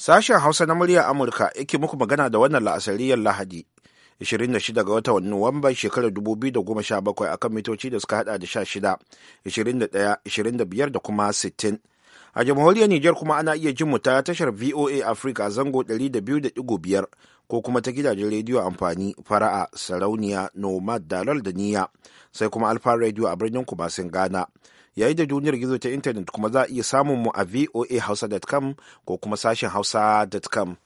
Sashen Hausa na muryar Amurka yake muku magana da wannan la'asariyar Lahadi 26 ga watan Nuwamban shekarar 2017 kan mitoci da suka hada da 16, 21, 25 da kuma 60. A jamhuriyar Nijar kuma ana iya jin mu ta tashar VOA Africa zango 200.5 ko kuma ta gidajen rediyo amfani fara'a sarauniya nomad dalal da niyya sai kuma alfa radio a birnin kumasin Ghana. yayi da duniyar gizo ta intanet kuma za a iya samun mu a voahausa.com ko kuma sashen hausa.com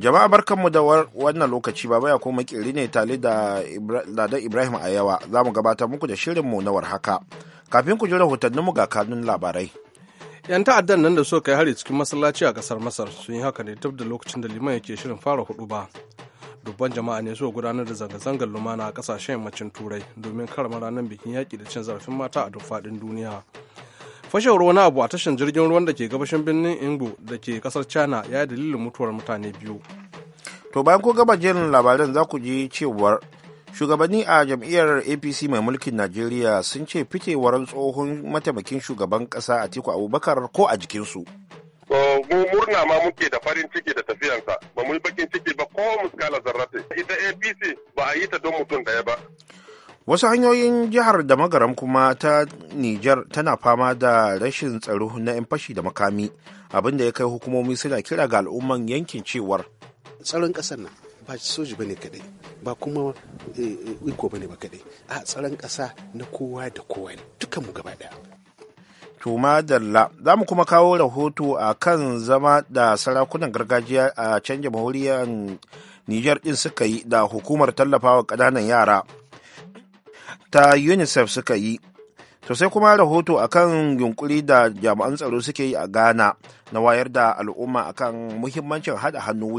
jama'a barkanmu da wannan lokaci baba ya koma kiri ne tare da ladan ibrahim a yawa za mu gabatar muku da shirin mu na warhaka kafin ku ji rahotanninmu ga kanun labarai yan ta'addan nan da suka kai hari cikin masallaci a kasar masar sun yi haka ne duk da lokacin da liman yake shirin fara hudu ba dubban jama'a ne suka gudanar da zanga-zangar lumana a kasashen yammacin turai domin karama ranar bikin yaƙi da cin zarafin mata a duk faɗin duniya ruwa na abu a tashin jirgin ruwan da ke gabashin birnin ingo da ke kasar china ya yi dalilin mutuwar mutane biyu to bayan ko gaba jerin labaran za ku ji cewar shugabanni a jam'iyyar apc mai mulkin najeriya sun ce fitewar tsohon mataimakin shugaban kasa atiku abubakar ko a jikinsu mu murna ma muke da farin ciki da tafiyansa ba mu bakin ciki ba ko muskala zarrate ita apc ba a yi ta don mutum daya ba wasu hanyoyin jihar da magaram kuma ta nijar tana fama da rashin tsaro na 'yan fashi da makami abinda ya kai hukumomi suna kira ga al'umman yankin cewar tsaron kasar nan ba soji bane kadai ba kuma eh, eh, iko bane ba kadai a tsaron kasa na kowa da kowa ne mu gaba daya Tuma Dalla za mu kuma kawo rahoto a kan zama da sarakunan gargajiya a can jamhuriyar Nijar din suka yi da hukumar tallafawa ƙananan yara ta UNICEF suka yi. To sai kuma rahoto a kan yunkuri da jami'an tsaro suke yi a Ghana na wayar da al'umma a kan muhimmancin haɗa hannu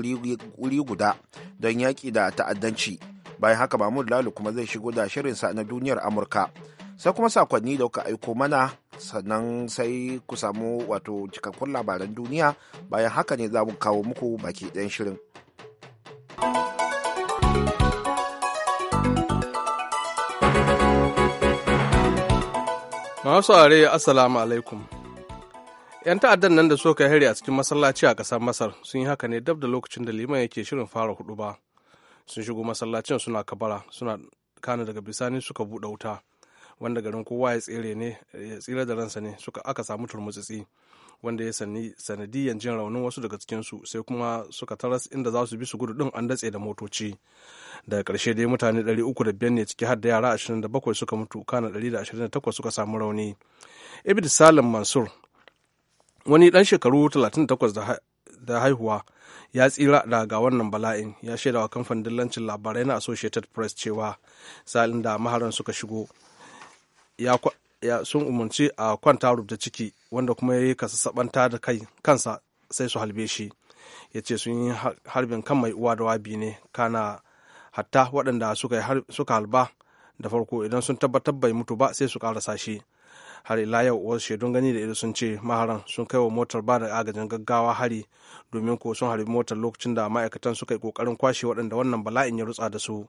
wuri guda don yaƙi da ta'addanci. Bayan haka Mahmud Lalu kuma zai shigo da shirinsa na duniyar Amurka. Sai kuma sakonni da kuka aiko mana sannan sai ku samu wato cikakkun labaran duniya bayan haka ne za mu kawo muku baki ɗan shirin. Masu are assalamu alaikum. 'Yan ta'addan nan da ka hari a cikin masallaci a ƙasar Masar sun yi haka ne dab da lokacin da liman yake shirin fara hudu ba. Sun shigo masallacin suna kabara suna kana daga bisani suka buɗe wuta. wanda garin kowa ya tsere ne ya tsira da ransa ne suka aka samu turmutsitsi wanda ya sani sanadiyan jin raunin wasu daga cikinsu sai kuma suka taras inda za su bi su gudu din an datse da motoci daga karshe dai mutane 305 ne ciki har da yara 27 suka mutu kana 128 suka samu rauni ibid salim mansur wani dan shekaru 38 da haihuwa ya tsira daga wannan bala'in ya shaidawa kamfanin dillancin labarai na associated press cewa salin da maharan suka shigo ya sun umarci a kwanta rubuta ciki wanda kuma ya yi kasassabanta da kai kansa sai su halbe shi ya ce sun yi harbin kan mai uwa da wabi ne kana hatta waɗanda suka halba da farko idan sun tabbatar bai mutu ba sai su ƙarasa shi har ila yau wasu shaidun gani da ido sun ce maharan sun kai wa motar ba da agajin gaggawa hari domin ko sun harbi motar lokacin da ma'aikatan suka yi kokarin kwashe waɗanda wannan bala'in ya rutsa da su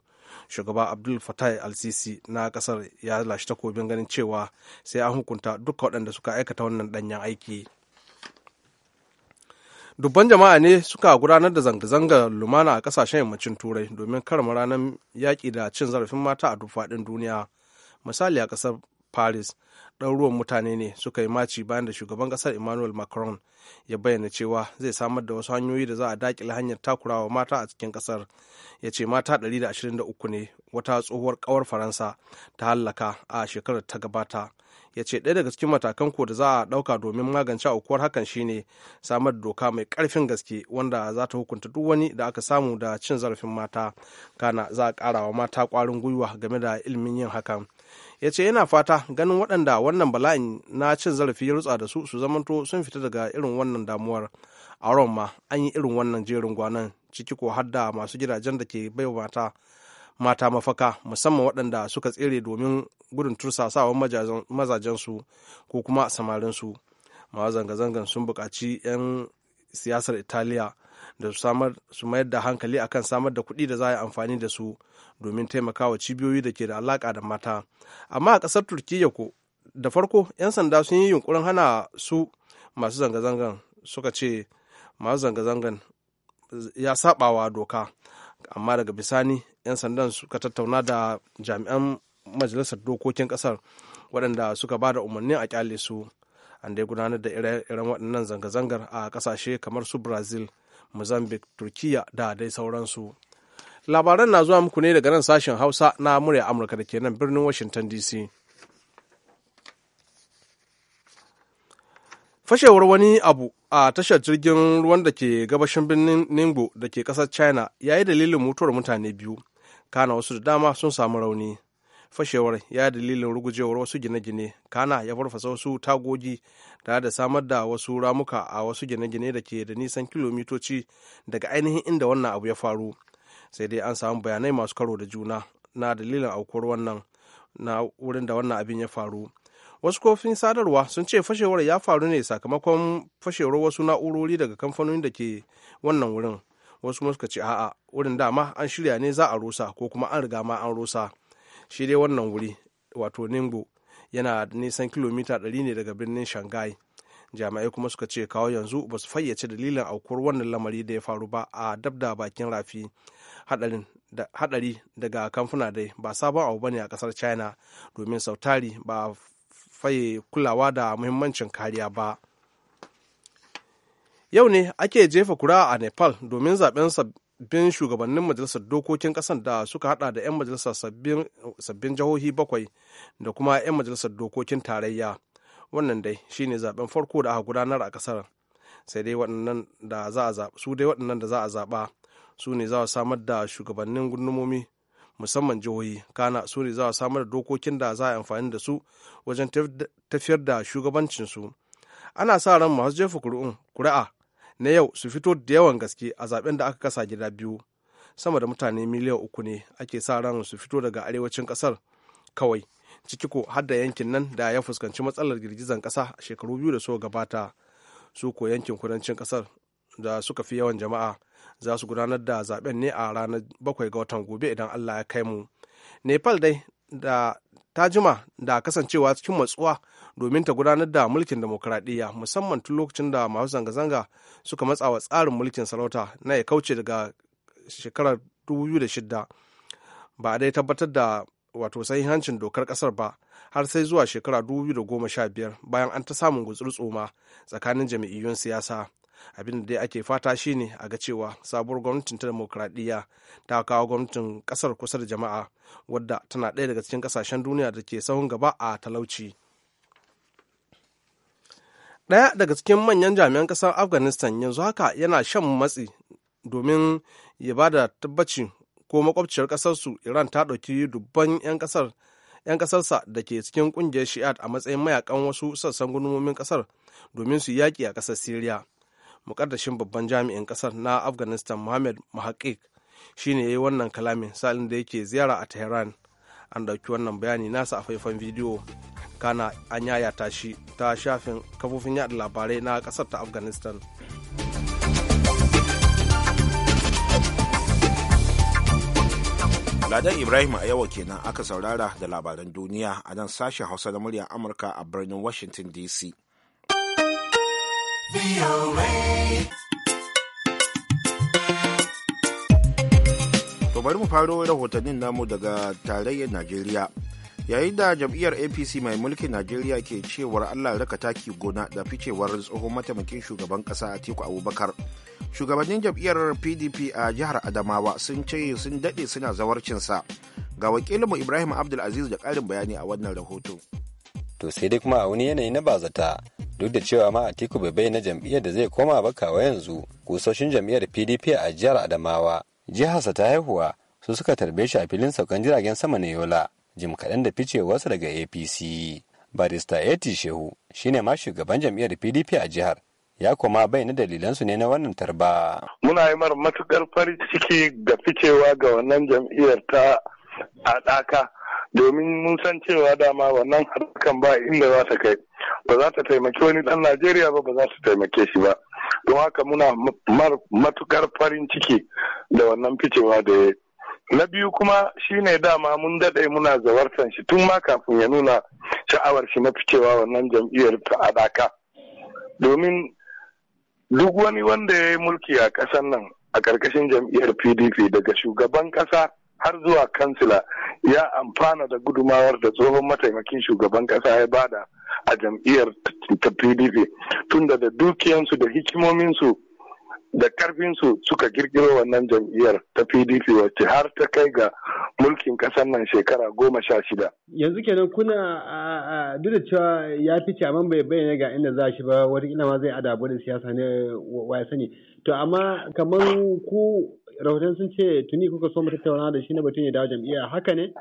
shugaba abdul fatai al-sisi na kasar ya lashe takobin ganin cewa sai an hukunta duka waɗanda suka aikata wannan danyen aiki dubban jama'a ne suka gudanar da zanga zanga lumana a kasashen yammacin turai domin karma ranar yaƙi da cin zarafin mata a duk duniya misali a kasar paris ɗaruruwan mutane ne suka yi maci bayan da shugaban ƙasar emmanuel macron ya bayyana cewa zai samar da wasu hanyoyi da za a dakile hanyar takurawa mata a cikin ƙasar ya ce mata 123 ne wata tsohuwar ƙawar faransa ta hallaka a shekarar ta gabata ya ce ɗaya daga cikin matakan ko da za a ɗauka domin magance aukuwar hakan shine samar da doka mai ƙarfin gaske wanda za ta hukunta duk wani da aka samu da cin zarafin mata kana za a ƙara wa mata ƙwarin gwiwa game da ilimin yin hakan ya ce yana fata ganin waɗanda wannan bala'in na cin zarafi ya rutsa da su su zamanto sun fita daga irin wannan damuwar a ron ma an yi irin wannan jerin gwanan ciki ko hadda masu gidajen da ke bai mata mata mafaka musamman waɗanda suka tsere domin gudun tursasawan mazajensu ko kuma samarinsu masu zanga-zangan sun buƙaci 'yan siyasar italiya da su mayar da hankali akan samar da kuɗi da za a yi amfani da su domin taimakawa cibiyoyi da ke da alaƙa da mata amma a ƙasar turkiyya ko da farko 'yan sanda sun yi yunkurin hana su masu zanga-zangan suka ce masu zanga-zangan ya saɓawa doka amma daga bisani 'yan sandan suka tattauna da jami'an majalisar dokokin ƙasar waɗanda suka ba da umarnin a kyale su an dai gudanar da irin waɗannan zanga-zangar a ƙasashe kamar su brazil mozambique turkiya da dai sauransu labaran na zuwa muku ne daga nan sashen hausa na murya amurka da ke nan birnin washington dc fashewar wani abu a tashar jirgin ruwan da ke gabashin birnin ningbo da ke kasar china ya yi dalilin mutuwar mutane biyu kana wasu da dama sun samu rauni fashewar ya dalilin rugujewar wasu gine-gine kana ya farfasa wasu tagogi tare da samar da wasu ramuka a wasu gine-gine da ke da nisan kilomitoci daga ainihin inda wannan abu ya faru sai dai an samu bayanai masu karo da juna na dalilin aukuwar wannan na wurin da wannan abin ya faru wasu kofin sadarwa sun ce fashewar ya faru ne sakamakon fashewar wasu na'urori daga kamfanonin da ke wannan wurin wasu kuma suka ce a'a wurin dama an shirya ne za a rusa ko kuma an riga ma an rusa shi dai wannan wuri wato ningbo yana da nisan kilomita 100 ne daga birnin shanghai jami'ai kuma suka ce kawo yanzu ba su fayyace dalilin aukuwar wannan lamari da ya faru ba a dabda bakin rafi hadari daga kamfuna dai ba sabon abu bane a kasar china domin sautari ba faye kulawa da muhimmancin kariya ba yau ne ake jefa kura a nepal domin zaben sabbin shugabannin majalisar dokokin kasar da suka hada da 'yan majalisar sabbin jihohi bakwai da kuma 'yan majalisar dokokin tarayya wannan dai shine zaben farko da aka gudanar a kasar sai dai waɗannan da za a su dai waɗannan da za a zaɓa su ne za a samar da shugabannin gundumomi musamman jihohi kana su ne za a samar da dokokin da za a amfani da su wajen tafiyar da shugabancin su ana sa ran masu jefa kuri'a na yau su fito da yawan gaske a zaben da aka kasa gida biyu sama da mutane miliyan uku ne ake sa ran su fito daga arewacin kasar kawai ciki ko har da yankin nan da ya fuskanci matsalar girgizan kasa shekaru biyu da so gabata su ko yankin kudancin kasar da suka fi yawan jama'a za su gudanar da zaben ne a ranar bakwai ga watan gobe idan allah ya kai mu nepal dai da ta jima da kasancewa cikin matsuwa domin ta gudanar da mulkin demokuraɗiyya musamman tun lokacin da masu zanga-zanga suka matsa wa tsarin mulkin sarauta na ya kauce daga shekarar 2006 ba a dai tabbatar da wato sahihancin dokar kasar ba har sai zuwa shekara 2015 bayan an ta samun gutsur tsakanin jami'iyyun siyasa abin da ake fata shine a ga cewa sabuwar gwamnatin ta demokradiyya ta kawo gwamnatin ƙasar kusa da jama'a wadda tana ɗaya daga cikin ƙasashen duniya da ke sahun gaba a talauci ɗaya daga cikin manyan jami'an ƙasar afghanistan yanzu haka yana shan matsi domin ya ba da tabbaci ko makwabciyar ƙasarsu iran ta ɗauki dubban 'yan ƙasar 'yan ƙasarsa da ke cikin ƙungiyar shi'at a matsayin mayakan wasu sassan gudunmomin ƙasar domin su yaƙi a ƙasar siriya mukaddashin babban jami'in kasar na afghanistan mohammed mahakik shine ya yi wannan kalamin salin da yake ziyara a tehran an ɗauki wannan bayani nasa a faifan bidiyo kana an yaya shi ta shafin kafofin yada labarai na kasar ta afghanistan Ladan Ibrahim a yawa kenan aka saurara da labaran duniya a nan sashen Hausa na murya Amurka a birnin Washington DC. To bari mu faro rahotannin namu daga tarayyar Najeriya. Yayin da jam'iyyar APC mai mulkin Najeriya ke cewar Allah raka taki gona da ficewar tsohon mataimakin shugaban ƙasa teku Abubakar. Shugabannin jam'iyyar PDP a jihar Adamawa sun ce sun daɗe suna zawarcinsa. Ga wakilinmu Ibrahim Abdulaziz da ƙarin bayani a wannan rahoto. to sai dai kuma a wani yanayi na bazata duk da cewa ma Atiku bai na jam'iyyar da zai koma ba kawa yanzu kusoshin jam'iyyar PDP a jihar Adamawa jiharsa ta haihuwa su suka tarbe shi a filin saukan jiragen sama na Yola jim kaɗan da ficewarsa daga APC barista Eti Shehu shine ma shugaban jam'iyyar PDP a jihar ya koma na dalilan su ne na wannan tarba. Muna yi mara matukar farin ciki ga ficewa ga wannan jam'iyyar ta a ɗaka. domin mun san cewa dama wannan harkan ba inda za ta kai ba za ta taimaki wani dan najeriya ba ba za ta taimake shi ba don haka muna matukar farin ciki da wannan ficewa da ya na biyu kuma shine dama mun daɗe muna zawartan shi tun ma kafin ya nuna sha'awar shi na ficewa wannan jam'iyyar ta adaka domin duk wani wanda ya yi mulki a ƙasar nan a ƙarƙashin jam'iyyar pdp daga shugaban ƙasa har zuwa kansila ya amfana da gudumawar da tsohon mataimakin shugaban kasa ya bada a jam'iyyar ta pdp tunda da dukiyansu da hikimominsu da karfinsu suka kirkiro wannan jam'iyyar ta pdp wacce har ta kai ga mulkin kasar nan shekara goma sha shida yanzu kenan kuna duk da cewa ya fice amma bai bayyana ga inda za shi ba ina ma zai adabu da siyasa ne wa ya sani to amma kamar ku rahoton sun ce tuni kuka so mu tattauna da shi na batun ya dawo jam'iyya haka ne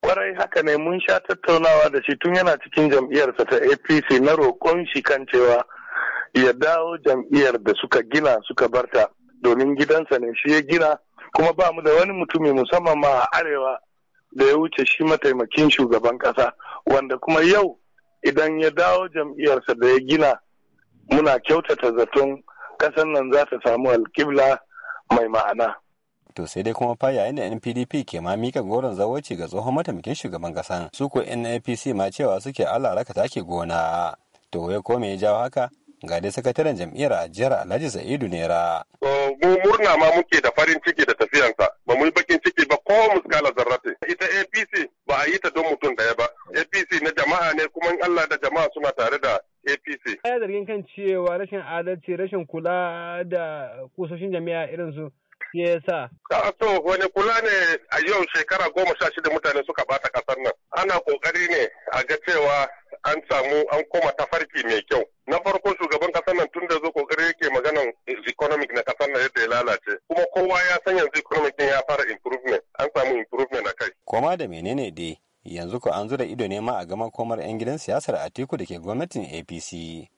kwarai haka ne mun sha tattaunawa da shi tun yana cikin jam'iyyarsa ta apc na roƙon shi kan cewa ya dawo jam'iyyar da suka gina suka barta domin gidansa ne shi ya gina kuma ba mu da wani mutumi musamman ma a arewa da ya wuce shi mataimakin shugaban kasa wanda kuma yau idan ya dawo jam'iyyarsa da ya gina muna kyautata zaton kasan nan za ta samu alkibla mai ma'ana. to sai dai kuma fa yayin da NPDP ke ma mika goron zawoci ga tsohon mataimakin shugaban kasa su ko NAPC ma cewa suke Allah raka take gona to wai ko me ya jawo haka ga dai sakataren jam'iyyar a jihar Alhaji Sa'idu Nera. Mu murna ma muke da farin ciki da tafiyansa ba mu yi bakin ciki ba ko muskala zarrate. Ita APC ba a yi ta don mutum daya ba. APC na jama'a ne kuma in Allah da jama'a suna tare da APC. Ya zargin kan cewa rashin adalci rashin kula da kusoshin jami'a irin su shi yasa a ah, to wani kula ne a yau shekara goma sha shida mutane suka bata kasar nan ana kokari ne a ga cewa an samu an koma tafarki mai kyau na farko shugaban kasar nan tun da zo kokari yake maganan economic na kasar nan yadda ya lalace kuma kowa ya san yanzu economic ya fara improvement an samu improvement a kai koma da menene dai yanzu ko an zura ido ne ma a gama komar 'yan gidan siyasar atiku da ke gwamnatin apc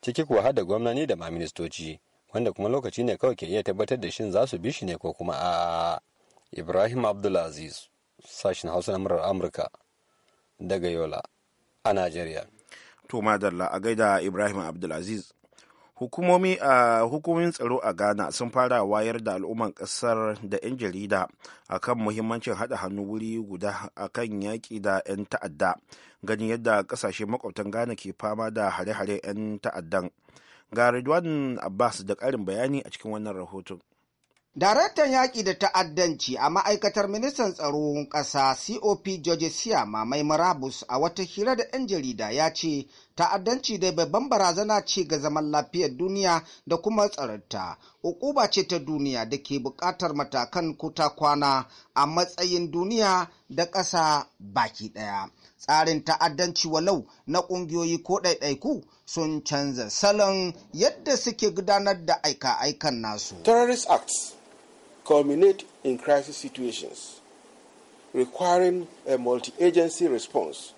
ciki kuwa har da gwamnani da ma ministoci wanda kuma lokaci ne kawai ke iya tabbatar da shin za su bi shi ne ko kuma a ibrahim abdulaziz sashen hausa na murar amurka daga yola a najeriya to madalla a gaida ibrahim abdulaziz hukumomi a hukumomin tsaro a ghana sun fara wayar da al'umman kasar da 'yan jarida akan muhimmancin hada hannu wuri guda akan yaƙi da 'yan ta'adda ganin yadda kasashe makwabtan ghana ke fama da hare-hare 'yan ta'addan Ga Ridwan Abbas da ƙarin bayani a cikin wannan rahoton. Daraktan yaƙi da ta'addanci a ma'aikatar ministan tsaron ƙasa COP George Siyama mai marabus a wata hira da 'yan jarida ya ce ta'addanci dai babban barazana ce ga zaman lafiyar duniya da kuma tsararta. Ukuba ce ta duniya da ke buƙatar matakan kuta kwana a matsayin duniya da ƙasa baki ɗaya. tsarin ta'addanci walau na ƙungiyoyi ko ɗaiɗaiku sun canza salon yadda suke gudanar da aika-aikan nasu. Terrorist acts culminate in crisis situations requiring a multi-agency response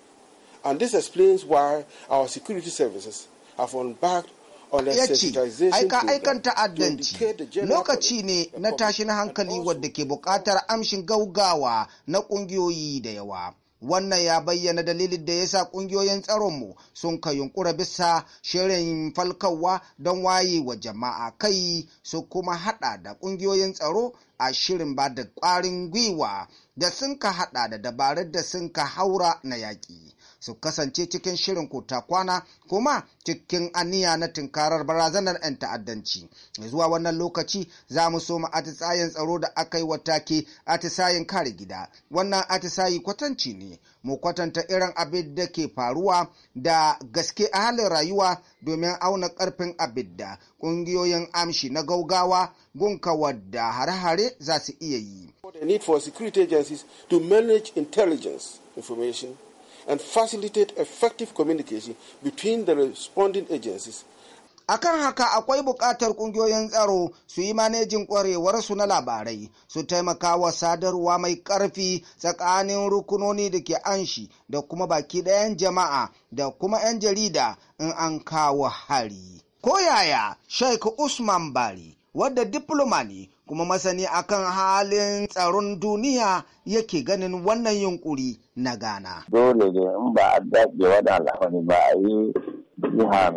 and this explains why our security services have embarked ya ce aika-aikan ta'addanci lokaci ne na tashin hankali wadda ke buƙatar amshin gaugawa na ƙungiyoyi da yawa. wannan ya bayyana dalilin da ya sa ƙungiyoyin tsaronmu sun ka yunkura bisa shirin falkawa don waye wa jama'a kai su kuma haɗa da ƙungiyoyin tsaro a shirin ba da ƙwarin gwiwa da sun ka haɗa da dabarar da sun ka haura na yaƙi su kasance cikin shirin kota kwana kuma cikin aniya na tunkarar barazanar 'yan ta'addanci zuwa wannan lokaci za mu so atisayen tsaro da aka yi watake atisayen kare gida wannan atisayi kwatanci ne mu kwatanta irin abin da ke faruwa da gaske a halin rayuwa domin auna karfin abin da ƙungiyoyin amshi na gaugawa gunka wadda hare-hare za su iya yi. The need for security agencies to manage intelligence information and facilitate effective communication between the responding agencies. a kan haka akwai buƙatar ƙungiyoyin tsaro su yi manejin ƙwarewarsu na labarai su taimaka wa sadarwa mai ƙarfi tsakanin rukunoni da ke anshi da kuma baki ɗayan jama'a da kuma 'yan jarida in an kawo hari koyaya sheikh usman bari wadda diploma ne kuma masani akan halin tsaron duniya yake ganin wannan yunkuri na Ghana. Dole ne in ba a daɗe wani alhamari ba a yi jihar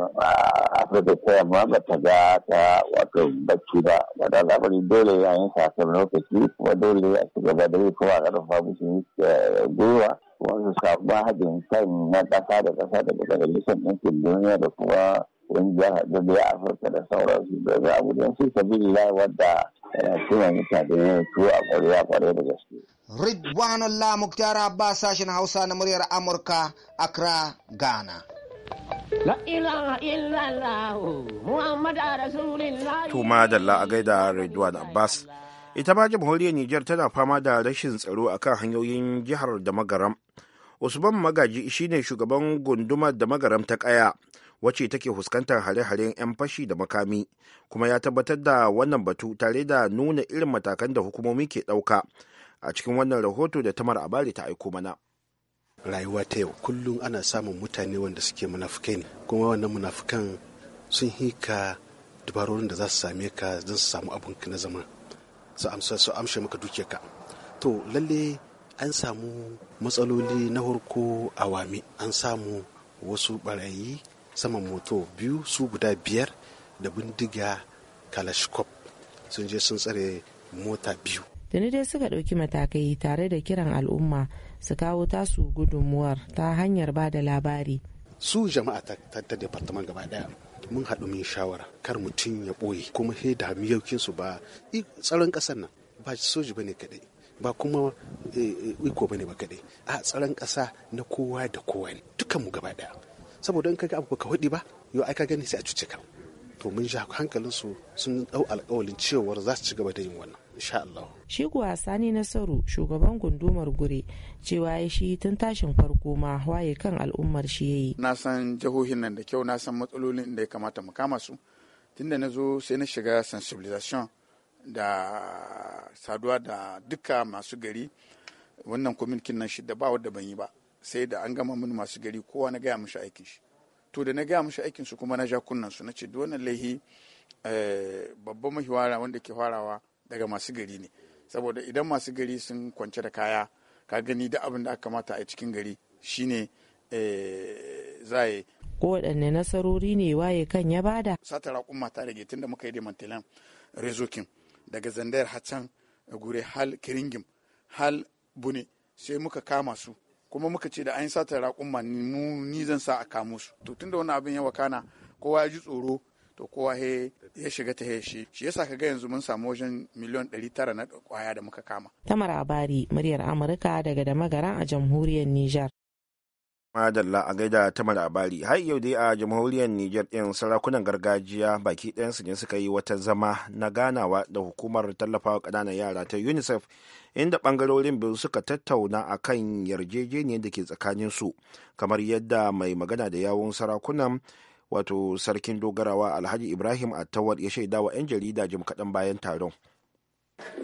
Afirka ta yamma ba ta ga ta wato bacci ba. Wani alhamari dole ya yi sasar lokaci kuma dole a ci gaba da yi kuma a ƙarfafa musu eh, gwiwa. Wasu sabon hajjin kan na ƙasa da ƙasa da daga Majalisar Ɗinkin Duniya da kuma ƙungiyar a afirka da sauransu da za a gudun su sabilillah wadda yana tuna mutane ne tuwo a ƙwarewa ƙwarai da gaske. Ridwanullah Muktar Abbas sashen Hausa na muryar Amurka Accra Ghana. La ilaha illallah Muhammad Rasulullah. Tuma Dalla a gaida Ridwan Abbas. Ita ma jamhuriyar Nijar tana fama da rashin tsaro akan hanyoyin jihar da magaram. Usman Magaji shine shugaban gundumar da magaram ta ƙaya. wacce take fuskantar hare-haren 'yan fashi da makami kuma ya tabbatar da wannan batu tare da nuna irin matakan da hukumomi ke ɗauka a cikin wannan rahoto da tamar abali ta aiko mana rayuwa ta yau kullum ana samun mutane wanda suke munafukai ne kuma wannan munafukan sun hika dabarorin da za su same ka don su samu abin na zama su amsa su amshe maka ka to lalle an samu matsaloli na harko awami an samu wasu barayi saman moto biyu su guda biyar da bindiga kalashkop sun je sun tsare mota biyu tuni dai suka ɗauki matakai tare da kiran al'umma su kawo tasu gudunmuwar ta hanyar ba da labari su jama'a ta departament gaba daya mun haɗu min shawara kar mutum ya ɓoye kuma he da miyaukin su ba tsaron ƙasar nan ba soji bane kaɗai ba kuma eh, eh, iko bane ba kaɗai a tsaron ƙasa na kowa da kowa ne mu gaba daya saboda in kaga abu ka hudi ba yau ai ka gani sai a cuce ka to mun sha hankalin su sun dau alƙawalin cewa za su ci gaba da yin wannan insha Allah shi kuwa sani nasaru shugaban gundumar gure cewa ya shi tun tashin farko ma waye kan al'ummar shi yayi na san jihohin nan da kyau na san matsalolin da ya kamata mu kama su tunda na zo sai na shiga sensibilisation da saduwa da duka masu gari wannan kwamitin nan shi da ba wadda ban yi ba sai da an gama mini masu gari kowa na gaya mishi aikin shi to da na gaya mishi aikin su kuma na ja kunnan su na ce duk wannan laihi eh, babban mahiwara wanda ke farawa daga masu gari ne saboda idan masu gari sun kwance da kaya ka gani da abin da aka kamata a cikin gari shine eh, za ko kowaɗanne nasarori ne waye kan ya bada sata mata da rage da muka yi da mantilan rezokin daga zandayar hacan gure hal kiringim hal bune sai muka kama su kuma muka ce da an sata raƙumma ni zan sa a kamo su to tunda wani abin ya wakana kowa ya ji tsoro to kowa ya shiga ta shi shi yasa ka ga yanzu mun samu wajen miliyan tara na kwaya da muka kama tamar abari muryar amurka daga da a jamhuriyar niger madalla a gaida ta labari har yau dai a jamhuriyar niger din sarakunan gargajiya baki ɗayansu ne suka yi wata zama na ganawa da hukumar tallafawa ƙananan yara ta unicef inda ɓangarorin biyu suka tattauna a kan yarjejeniyar da ke tsakanin su kamar yadda mai magana da yawun sarakunan wato sarkin dogarawa alhaji ibrahim attawar ya shaida wa 'yan jarida jim kaɗan bayan taron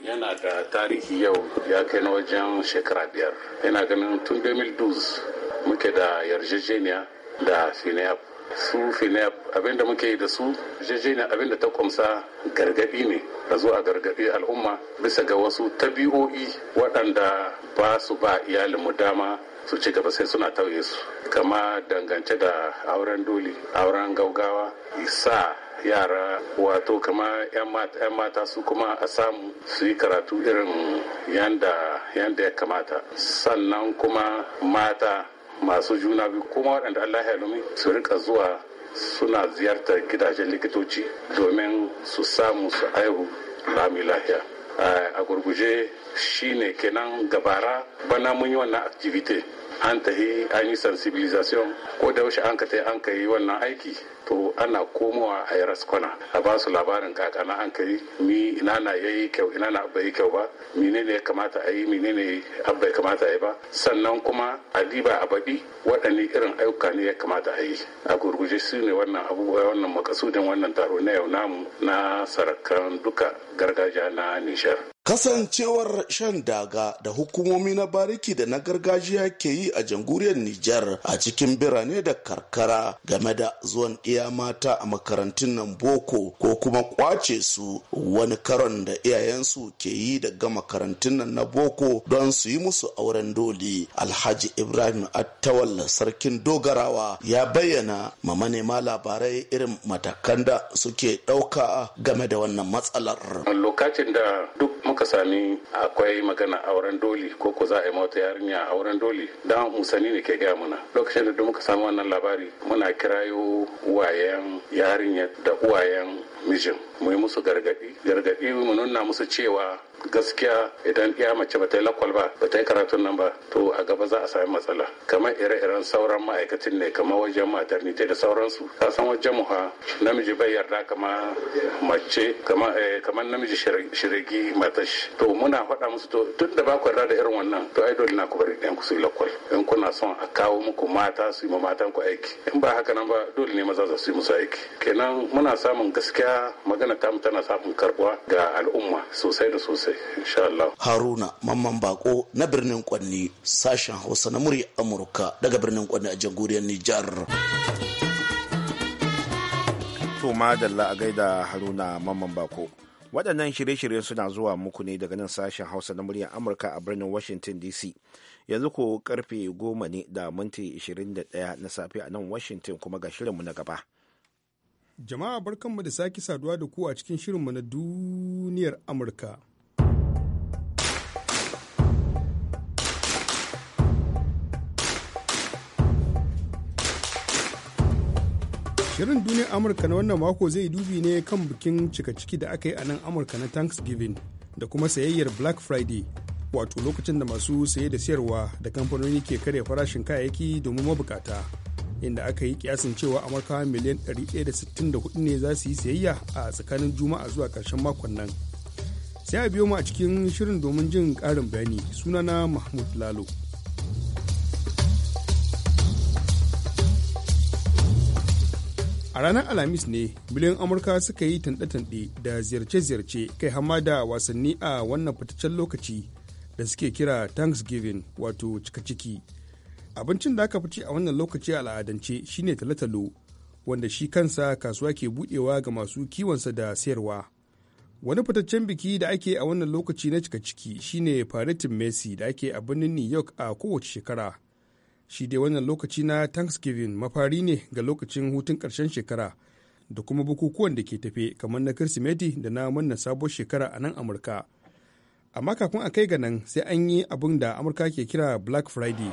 yana da tarihi yau ya kai na wajen shekara biyar yana ganin tun 2012 muke da yarjejeniya da finap su finap abinda muke da su jejeniya abinda ta kumsa gargadi ne da zuwa gargadi al'umma bisa ga wasu tabi'o'i waɗanda ba su ba iyalinmu dama su ci gaba sai suna tauye su kama dangance da auren doli auren gaugawa isa yara wato kama 'yan mata su kuma a samu su yi karatu irin yanda ya kamata sannan kuma mata masu juna biyu kuma waɗanda Allah ya lumi su rika zuwa suna ziyartar gidajen likitoci domin su samu su aihu rami lahiya a gurguje shine kenan gabara bana mun yi wannan activity an tahi an yi sensibilisation ko da yaushe an ka tahi an ka yi wannan aiki to ana komowa a yi raskwana a ba su labarin kakana an ka yi mi ina na ya yi kyau ina na abba yi kyau ba menene ya kamata a yi menene abba ya kamata a yi ba sannan kuma a diba a baɗi waɗanne irin ayyuka ne ya kamata a yi a gurguje su ne wannan abubuwa wannan makasudin wannan taro na yau namu na sarakan duka gargajiya na nishar kasancewar shan daga da hukumomi na bariki da na gargajiya ke yi a jamhuriyar Nijar a cikin birane da karkara game da zuwan iya mata a makarantun nan boko ko kuma kwace su wani karon da iyayensu ke yi daga makarantun nan na boko don su yi musu auren doli alhaji ibrahim attawal sarkin dogarawa ya bayyana ma manema labarai irin matakan da suke ɗauka game da wannan matsalar lokacin da duk muka sami akwai magana auren doli ko ko za a yi mata yarinya auren doli dan musani ne ke gaya mana lokacin da muka samu wannan labari muna kirayo uwayen yarinya da uwayen mijin mu yi musu gargaɗi gargaɗi mu nuna musu cewa gaskiya idan iya mace bata yi lakwal ba bata yi karatun nan ba to a gaba za a sami matsala kamar ire-iren sauran ma'aikacin ne kamar wajen ni da sauransu ka san wajen mu ha namiji bai yarda kama mace kamar eh, namiji shirigi matash to muna faɗa musu to tun da ba ku yarda da irin wannan to ai dole na ku bari ɗan ku su yi lakwal in kuna son a kawo muku mata su yi ma matan ku aiki in ba haka nan ba dole ne maza za su yi musu aiki kenan muna samun gaskiya magana magana tamu tana samun karbuwa ga al'umma sosai da sosai insha Allah. Haruna Mamman Bako na birnin Kwanni sashen Hausa na murya Amurka daga birnin Kwanni a jamhuriyar Nijar. To madalla a gaida Haruna Mamman Bako. Waɗannan shirye shiryen suna zuwa muku ne daga nan sashen Hausa na muryar Amurka a birnin Washington DC. Yanzu ko karfe goma ne da minti 21 na safe a nan Washington kuma ga shirinmu na gaba. Jama'a barkanmu da saki saduwa da ku a cikin shirinmu na duniyar Amurka. Shirin duniyar Amurka na wannan mako zai dubi ne kan bikin cika-ciki da aka yi a nan Amurka na Thanksgiving da kuma sayayyar Black Friday, wato lokacin da masu saye da siyarwa da kamfanoni ke karya farashin kayayyaki domin mabukata. inda aka yi kiyasin cewa amurkawa miliyan 164 ne za su yi sayayya a tsakanin juma'a zuwa ƙarshen makon nan sai a biyo mu a cikin shirin domin jin ƙarin bayani suna na mahmud lalo a ranar alhamis ne miliyan amurka suka yi tanɗe-tanɗe da ziyarce-ziyarce kai hama da wasanni a wannan fitaccen lokaci da suke kira thanksgiving wato cika ciki abincin da aka fi ci a wannan lokaci a al'adance shine talotalo wanda shi kansa kasuwa ke budewa ga masu kiwonsa da sayarwa wani fitaccen biki da ake a wannan lokaci na cika ciki shine faretin messi da ake a birnin new york a kowace shekara shi dai wannan lokaci na thanksgiving mafari ne ga lokacin hutun karshen shekara da kuma bukukuwan da ke tafe kamar na kirsimeti da na wannan sabuwar shekara a nan amurka amma kafin a kai ga nan sai an yi abin da amurka ke kira black friday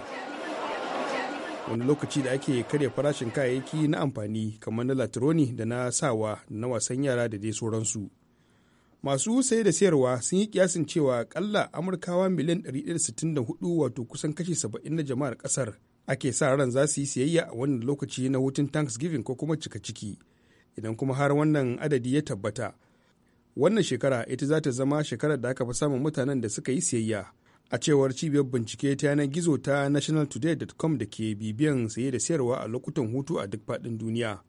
wani lokaci da ake karya farashin kayayyaki na amfani kamar na latironi da na sawa da na wasan yara da dai sauransu masu saye da sayarwa sun yi kiyasin cewa kalla amurkawa miliyan 164 wato kusan kashi 70 na jama'ar kasar ake sa ran za su yi siyayya a wannan lokaci na hutun thanksgiving ko kuma cika ciki idan kuma har wannan adadi ya tabbata wannan shekara ita za ta zama shekarar da aka fi samun mutanen da suka yi siyayya a cewar cibiyar bincike ta yanar gizo ta nationaltoday.com da ke bibiyan saye da sayarwa a lokutan hutu a duk faɗin duniya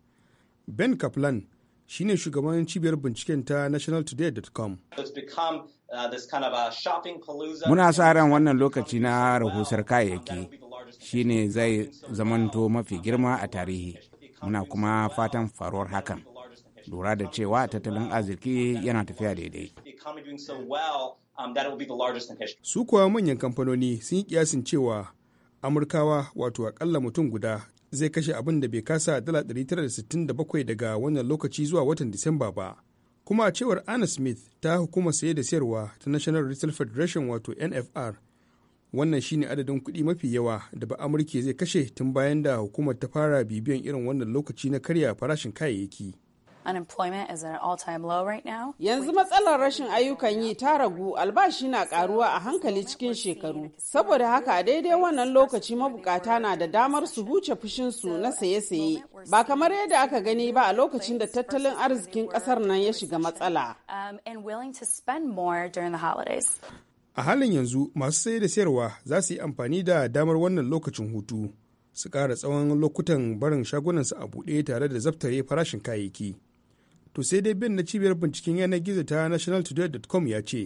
ben kaplan shine shugaban cibiyar binciken ta nationaltoday.com uh, muna sa ran wannan lokaci na rahusar kayayyaki shine zai zamanto mafi girma a tarihi muna kuma fatan faruwar hakan lura da cewa tattalin arziki yana tafiya daidai Um, Su kuwa manyan kamfanoni sun yi kiyasin cewa Amurkawa wato akalla mutum guda zai kashe abin da bai kasa dala 967 daga wannan lokaci zuwa watan Disamba ba. Kuma a cewar Anna Smith ta hukuma saye da sayarwa ta National Retail Federation wato NFR wannan shine adadin kuɗi mafi yawa da ba amurke zai kashe tun bayan da hukumar ta fara bibiyan irin wannan lokaci na karya farashin kayayyaki. Unemployment is at an all-time low right now. Yanzu matsalar rashin ayyukan yi ta ragu albashi na karuwa a hankali cikin shekaru. Saboda haka a daidai wannan lokaci mabukata na da damar su huce fushin su na saye-saye. Ba kamar yadda aka gani ba a lokacin da tattalin arzikin kasar nan ya shiga matsala. Um, willing to A halin yanzu masu saye da sayarwa za su yi amfani da damar wannan lokacin hutu. su ƙara tsawon lokutan barin shagunansu a buɗe tare da zaftare farashin kayayyaki. to sai dai bin na cibiyar binciken yanar gizo ta national nationaltoday.com ya ce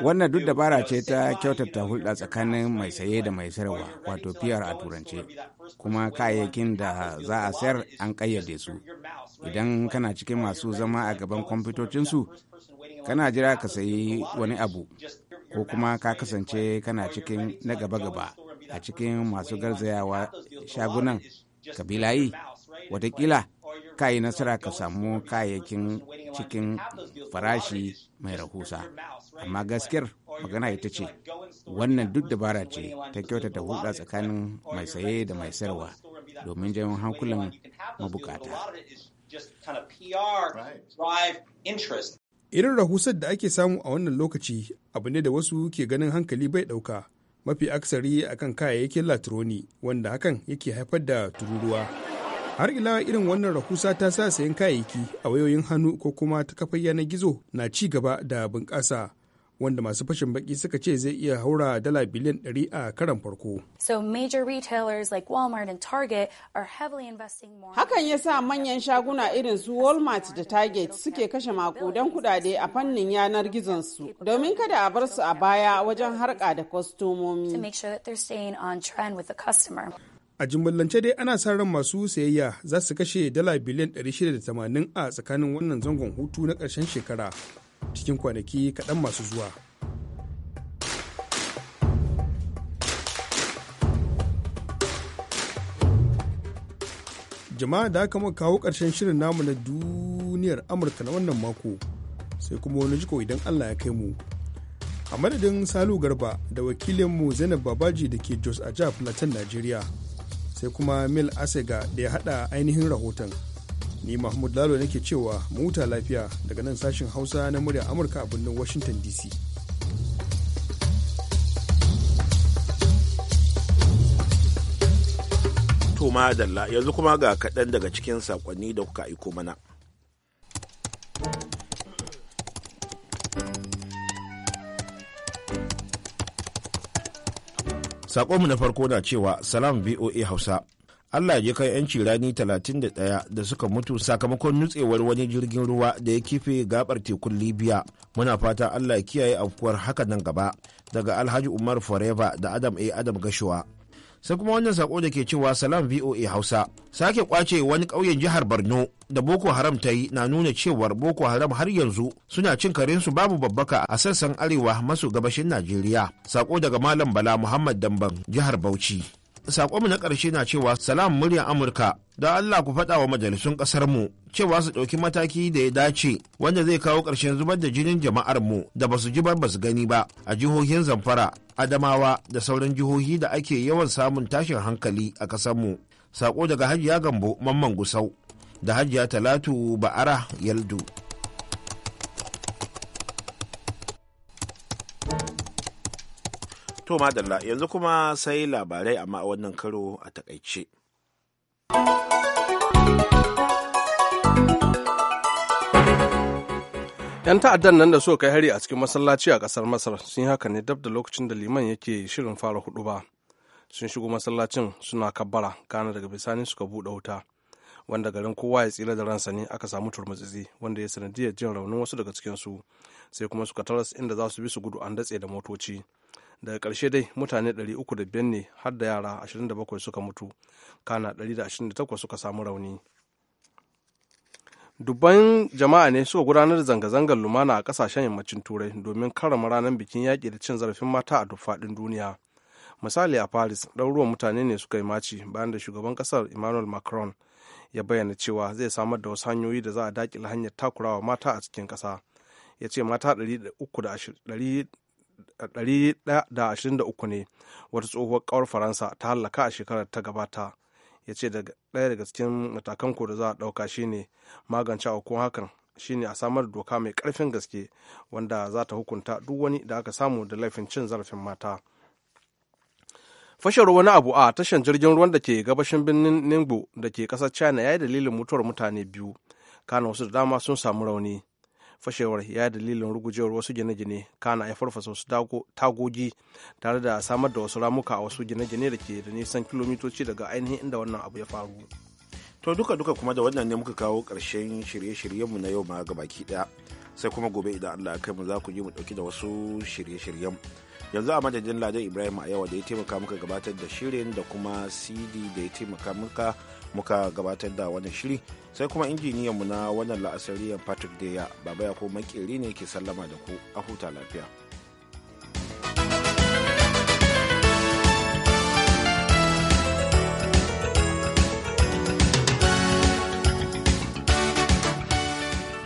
Wannan duk dabara ce ta kyautata hulɗa tsakanin mai saye da mai sayarwa wato PR a turance, kuma kayayyakin da za a sayar an kayyade su. Idan kana cikin masu zama a gaban kwamfutocinsu, kana jira ka sayi wani abu, ko kuma ka kasance kana oh, cikin na gaba-gaba. a cikin masu garzayawa shagunan kabilayi watakila ka yi nasara ka samu kayayyakin cikin farashi mai rahusa amma gaskiyar magana ita ce wannan duk dabara ce ta kyauta ta hulɗa tsakanin mai saye da mai sayarwa domin janyo hankulan mabukata irin rahusar da ake samu a wannan lokaci abu ne da wasu ke ganin hankali bai ɗauka mafi aksari a kan kayayyakin latroni wanda hakan yake haifar da tururuwa har ila irin wannan rahusa ta sa sayan kayayyaki a wayoyin hannu ko kuma ta kafar yanar gizo na ci gaba da bunƙasa wanda masu fashin baki suka ce zai iya haura dala biliyan 100 a karan farko. So major retailers like Walmart and Target are heavily investing more. Hakan ya sa manyan shaguna irin su Walmart da Target suke kashe makudan kudade a fannin yanar gizon su domin kada a bar su a baya wajen harka da kwastomomi. To on trend with the A jimillance dai ana sa ran masu sayayya za su kashe dala biliyan 680 a tsakanin wannan zangon hutu na ƙarshen shekara. cikin kwanaki kaɗan masu zuwa. Jama'a da aka kawo ƙarshen shirin namu na duniyar Amurka na wannan mako sai kuma wani jiko idan Allah ya kai mu. A madadin Salu Garba da wakilinmu Zainab Babaji da ke Jos a jihar Plateau, Najeriya sai kuma Mil Asega da ya haɗa ainihin rahoton. ni mahmud lalo nake cewa muta lafiya daga nan sashin hausa na murya amurka a birnin washington dc Tuma dalla yanzu kuma ga kaɗan daga cikin saƙonni da kuka aiko mana Sakonmu na farko na cewa salam voa hausa Allah ya kai 'yanci rani 31 da suka mutu sakamakon nutsewar wani jirgin ruwa da ya kife gabar tekun Libya. Muna fata Allah ya kiyaye afkuwar haka nan gaba daga Alhaji Umar Forever da Adam A. Adam Gashuwa. Sai kuma wannan sako da ke cewa Salam VOA Hausa sake kwace wani ƙauyen jihar Borno da Boko Haram ta yi na nuna cewar Boko Haram har yanzu suna cin karensu babu babbaka a sassan arewa maso gabashin Najeriya. Sako daga Malam Bala Muhammad Damban jihar Bauchi. sakonmu na ƙarshe na cewa salam muryar amurka don allah ku faɗa wa majalisun ƙasarmu cewa su ɗauki mataki da ya dace wanda zai kawo ƙarshen zubar da jinin jama'ar mu da ba su ji ba su gani ba a jihohin zamfara adamawa da sauran jihohi da ake yawan samun tashin hankali a mu sako daga hajiya gambo mamman gusau da hajiya talatu ba'ara yaldu. To madalla yanzu kuma sai labarai amma wannan karo a takaice. yan ta'addan nan da suka kai hari a cikin masallaci a kasar masar sun yi haka ne dab da lokacin da liman yake shirin fara hudu ba sun shigo masallacin suna kabbara kana daga bisani suka buɗe wuta wanda garin kowa ya tsira da ransa ne aka samu turmutsitsi wanda ya sanadiyar jin raunin wasu daga cikinsu sai kuma suka taras inda za su bi su gudu an datse da motoci daga karshe dai mutane 305 ne har da yara 27 suka mutu kana 128 suka samu rauni dubban jama'a ne suka gudanar da zanga-zangar lumana a kasashen yammacin turai domin karama ranar bikin yaƙi da cin zarafin mata a duk faɗin duniya misali a paris ɗaruruwan mutane ne suka yi maci bayan da shugaban ƙasar emmanuel macron ya bayyana cewa zai samar da wasu hanyoyi da za a daƙile hanyar takurawa mata a cikin ƙasa ya ce mata 123 ne wata tsohuwar kawar faransa ta hallaka a shekarar ta gabata ya ce ɗaya daga cikin matakan ko da za a ɗauka shine magance a hakan shine a samar da doka mai ƙarfin gaske wanda za ta hukunta duk wani da aka samu da laifin cin zarafin mata fashin wani abu a tashar jirgin ruwan da ke gabashin birnin ningbo da ke ƙasar china ya yi dalilin mutuwar mutane biyu kana wasu da dama sun samu rauni fashewar ya yi dalilin rugujewar wasu gine-gine kana ya farfasa wasu tagogi tare da samar da wasu ramuka a wasu gine-gine da ke da nisan kilomitoci daga ainihin inda wannan abu ya faru to duka duka kuma da wannan ne muka kawo ƙarshen shirye-shiryenmu na yau ma ga baki ɗaya sai kuma gobe idan allah kai mu za ku ji mu ɗauki da wasu shirye-shiryen yanzu a madadin ladan ibrahim a yawa da ya taimaka muka gabatar da shirin da kuma cd da ya taimaka muka muka gabatar da wannan shiri sai kuma injiniyanmu na wannan la'asariyar patrick deya baba ya ko makeri ne ke sallama da ku a huta lafiya